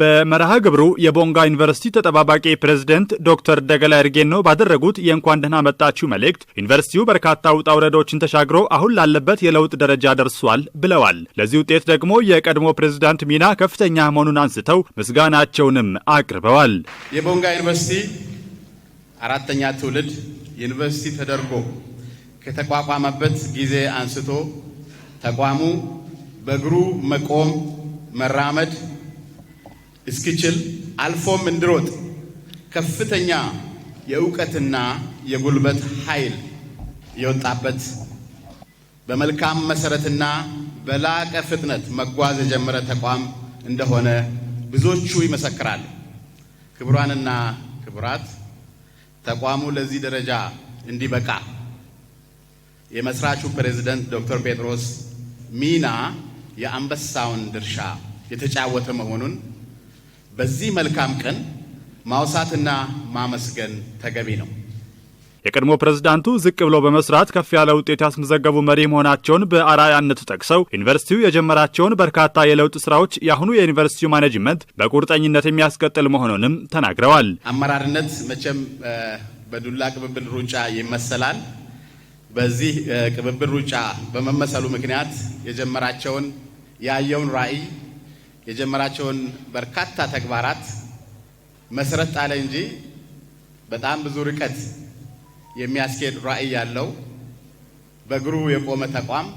በመርሃ ግብሩ የቦንጋ ዩኒቨርሲቲ ተጠባባቂ ፕሬዝደንት ዶክተር ደገላ ኤርጌኖ ባደረጉት የእንኳን ደህና መጣችሁ መልእክት ዩኒቨርሲቲው በርካታ ውጣ ውረዶችን ተሻግሮ አሁን ላለበት የለውጥ ደረጃ ደርሷል ብለዋል። ለዚህ ውጤት ደግሞ የቀድሞ ፕሬዝዳንት ሚና ከፍተኛ መሆኑን አንስተው ምስጋናቸውንም አቅርበዋል። የቦንጋ ዩኒቨርሲቲ አራተኛ ትውልድ ዩኒቨርሲቲ ተደርጎ ከተቋቋመበት ጊዜ አንስቶ ተቋሙ በእግሩ መቆም መራመድ እስኪችል አልፎም እንድሮጥ ከፍተኛ የእውቀትና የጉልበት ኃይል የወጣበት በመልካም መሰረትና በላቀ ፍጥነት መጓዝ የጀመረ ተቋም እንደሆነ ብዙዎቹ ይመሰክራሉ። ክቡራንና ክቡራት፣ ተቋሙ ለዚህ ደረጃ እንዲበቃ የመስራቹ ፕሬዚደንት ዶክተር ጴጥሮስ ሚና የአንበሳውን ድርሻ የተጫወተ መሆኑን በዚህ መልካም ቀን ማውሳትና ማመስገን ተገቢ ነው። የቀድሞ ፕሬዝዳንቱ ዝቅ ብለው በመስራት ከፍ ያለ ውጤት ያስመዘገቡ መሪ መሆናቸውን በአርአያነት ጠቅሰው ዩኒቨርሲቲው የጀመራቸውን በርካታ የለውጥ ስራዎች የአሁኑ የዩኒቨርሲቲው ማኔጅመንት በቁርጠኝነት የሚያስቀጥል መሆኑንም ተናግረዋል። አመራርነት መቼም በዱላ ቅብብል ሩጫ ይመሰላል። በዚህ ቅብብል ሩጫ በመመሰሉ ምክንያት የጀመራቸውን ያየውን ራዕይ የጀመራቸውን በርካታ ተግባራት መሰረት ጣለ እንጂ በጣም ብዙ ርቀት የሚያስኬድ ራዕይ ያለው በእግሩ የቆመ ተቋም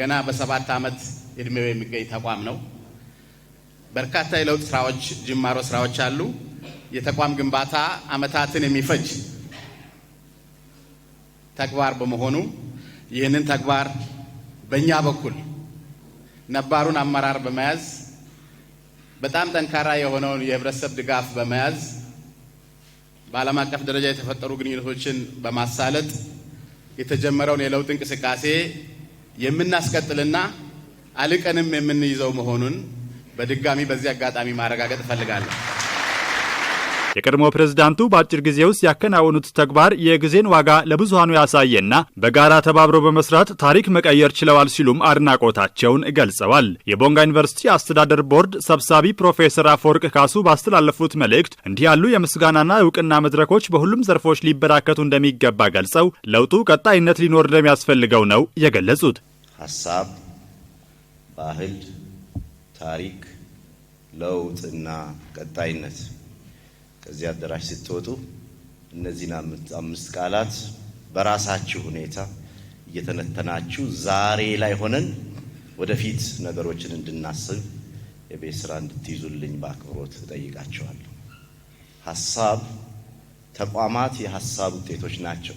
ገና በሰባት ዓመት እድሜው የሚገኝ ተቋም ነው። በርካታ የለውጥ ስራዎች፣ ጅማሮ ስራዎች አሉ። የተቋም ግንባታ ዓመታትን የሚፈጅ ተግባር በመሆኑ ይህንን ተግባር በእኛ በኩል ነባሩን አመራር በመያዝ በጣም ጠንካራ የሆነውን የህብረተሰብ ድጋፍ በመያዝ በዓለም አቀፍ ደረጃ የተፈጠሩ ግንኙነቶችን በማሳለጥ የተጀመረውን የለውጥ እንቅስቃሴ የምናስቀጥልና አልቀንም የምንይዘው መሆኑን በድጋሚ በዚህ አጋጣሚ ማረጋገጥ እፈልጋለሁ። የቀድሞ ፕሬዝዳንቱ በአጭር ጊዜ ውስጥ ያከናወኑት ተግባር የጊዜን ዋጋ ለብዙሃኑ ያሳየና በጋራ ተባብሮ በመስራት ታሪክ መቀየር ችለዋል ሲሉም አድናቆታቸውን ገልጸዋል። የቦንጋ ዩኒቨርሲቲ አስተዳደር ቦርድ ሰብሳቢ ፕሮፌሰር አፈወርቅ ካሱ ባስተላለፉት መልእክት እንዲህ ያሉ የምስጋናና እውቅና መድረኮች በሁሉም ዘርፎች ሊበራከቱ እንደሚገባ ገልጸው ለውጡ ቀጣይነት ሊኖር እንደሚያስፈልገው ነው የገለጹት። ሀሳብ፣ ባህል፣ ታሪክ፣ ለውጥና ቀጣይነት ከዚህ አዳራሽ ስትወጡ እነዚህን አምስት ቃላት በራሳችሁ ሁኔታ እየተነተናችሁ ዛሬ ላይ ሆነን ወደፊት ነገሮችን እንድናስብ የቤት ስራ እንድትይዙልኝ በአክብሮት እጠይቃችኋለሁ። ሀሳብ ተቋማት የሀሳብ ውጤቶች ናቸው።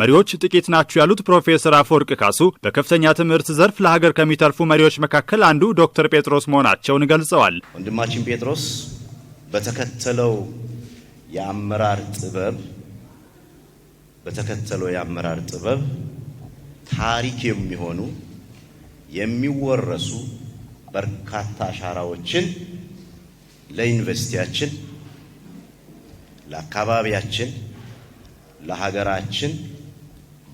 መሪዎች ጥቂት ናቸው ያሉት ፕሮፌሰር አፈወርቅ ካሱ በከፍተኛ ትምህርት ዘርፍ ለሀገር ከሚተርፉ መሪዎች መካከል አንዱ ዶክተር ጴጥሮስ መሆናቸውን ገልጸዋል። ወንድማችን ጴጥሮስ በተከተለው የአመራር ጥበብ በተከተለው የአመራር ጥበብ ታሪክ የሚሆኑ የሚወረሱ በርካታ አሻራዎችን ለዩኒቨርሲቲያችን፣ ለአካባቢያችን፣ ለሀገራችን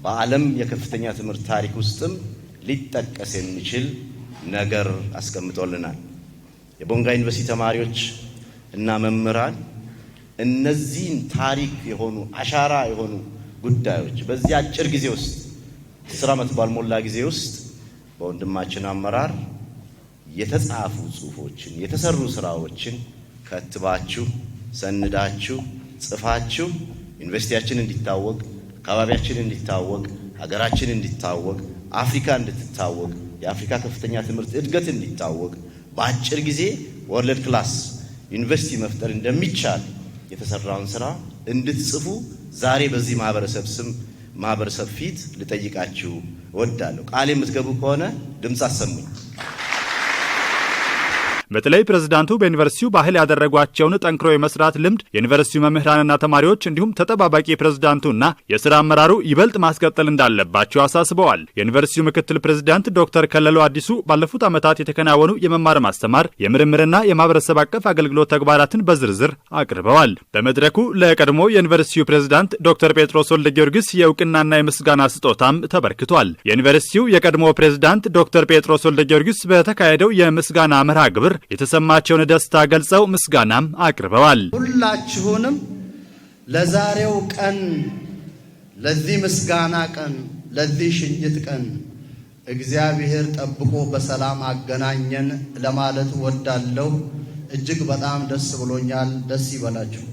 በዓለም የከፍተኛ ትምህርት ታሪክ ውስጥም ሊጠቀስ የሚችል ነገር አስቀምጦልናል። የቦንጋ ዩኒቨርሲቲ ተማሪዎች እና መምህራን እነዚህን ታሪክ የሆኑ አሻራ የሆኑ ጉዳዮች በዚህ አጭር ጊዜ ውስጥ አስር ዓመት ባልሞላ ጊዜ ውስጥ በወንድማችን አመራር የተጻፉ ጽሁፎችን የተሰሩ ስራዎችን ከትባችሁ ሰንዳችሁ ጽፋችሁ ዩኒቨርሲቲያችን እንዲታወቅ፣ አካባቢያችን እንዲታወቅ፣ ሀገራችን እንዲታወቅ፣ አፍሪካ እንድትታወቅ፣ የአፍሪካ ከፍተኛ ትምህርት እድገት እንዲታወቅ በአጭር ጊዜ ወርልድ ክላስ ዩኒቨርሲቲ መፍጠር እንደሚቻል የተሰራውን ስራ እንድትጽፉ ዛሬ በዚህ ማህበረሰብ ስም ማህበረሰብ ፊት ልጠይቃችሁ እወዳለሁ። ቃል የምትገቡ ከሆነ ድምፅ አሰሙኝ። በተለይ ፕሬዝዳንቱ በዩኒቨርሲቲው ባህል ያደረጓቸውን ጠንክሮ የመስራት ልምድ የዩኒቨርሲቲው መምህራንና ተማሪዎች እንዲሁም ተጠባባቂ ፕሬዝዳንቱና የስራ አመራሩ ይበልጥ ማስቀጠል እንዳለባቸው አሳስበዋል። የዩኒቨርሲቲው ምክትል ፕሬዝዳንት ዶክተር ከለለው አዲሱ ባለፉት ዓመታት የተከናወኑ የመማር ማስተማር፣ የምርምርና የማህበረሰብ አቀፍ አገልግሎት ተግባራትን በዝርዝር አቅርበዋል። በመድረኩ ለቀድሞ የዩኒቨርሲቲው ፕሬዝዳንት ዶክተር ጴጥሮስ ወልደ ጊዮርጊስ የእውቅናና የምስጋና ስጦታም ተበርክቷል። የዩኒቨርሲቲው የቀድሞ ፕሬዝዳንት ዶክተር ጴጥሮስ ወልደ ጊዮርጊስ በተካሄደው የምስጋና መርሃ ግብር የተሰማቸውን ደስታ ገልጸው ምስጋናም አቅርበዋል። ሁላችሁንም ለዛሬው ቀን ለዚህ ምስጋና ቀን ለዚህ ሽኝት ቀን እግዚአብሔር ጠብቆ በሰላም አገናኘን ለማለት ወዳለሁ። እጅግ በጣም ደስ ብሎኛል። ደስ ይበላችሁ።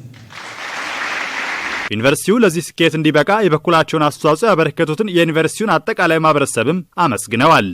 ዩኒቨርሲቲው ለዚህ ስኬት እንዲበቃ የበኩላቸውን አስተዋጽኦ ያበረከቱትን የዩኒቨርሲቲውን አጠቃላይ ማህበረሰብም አመስግነዋል።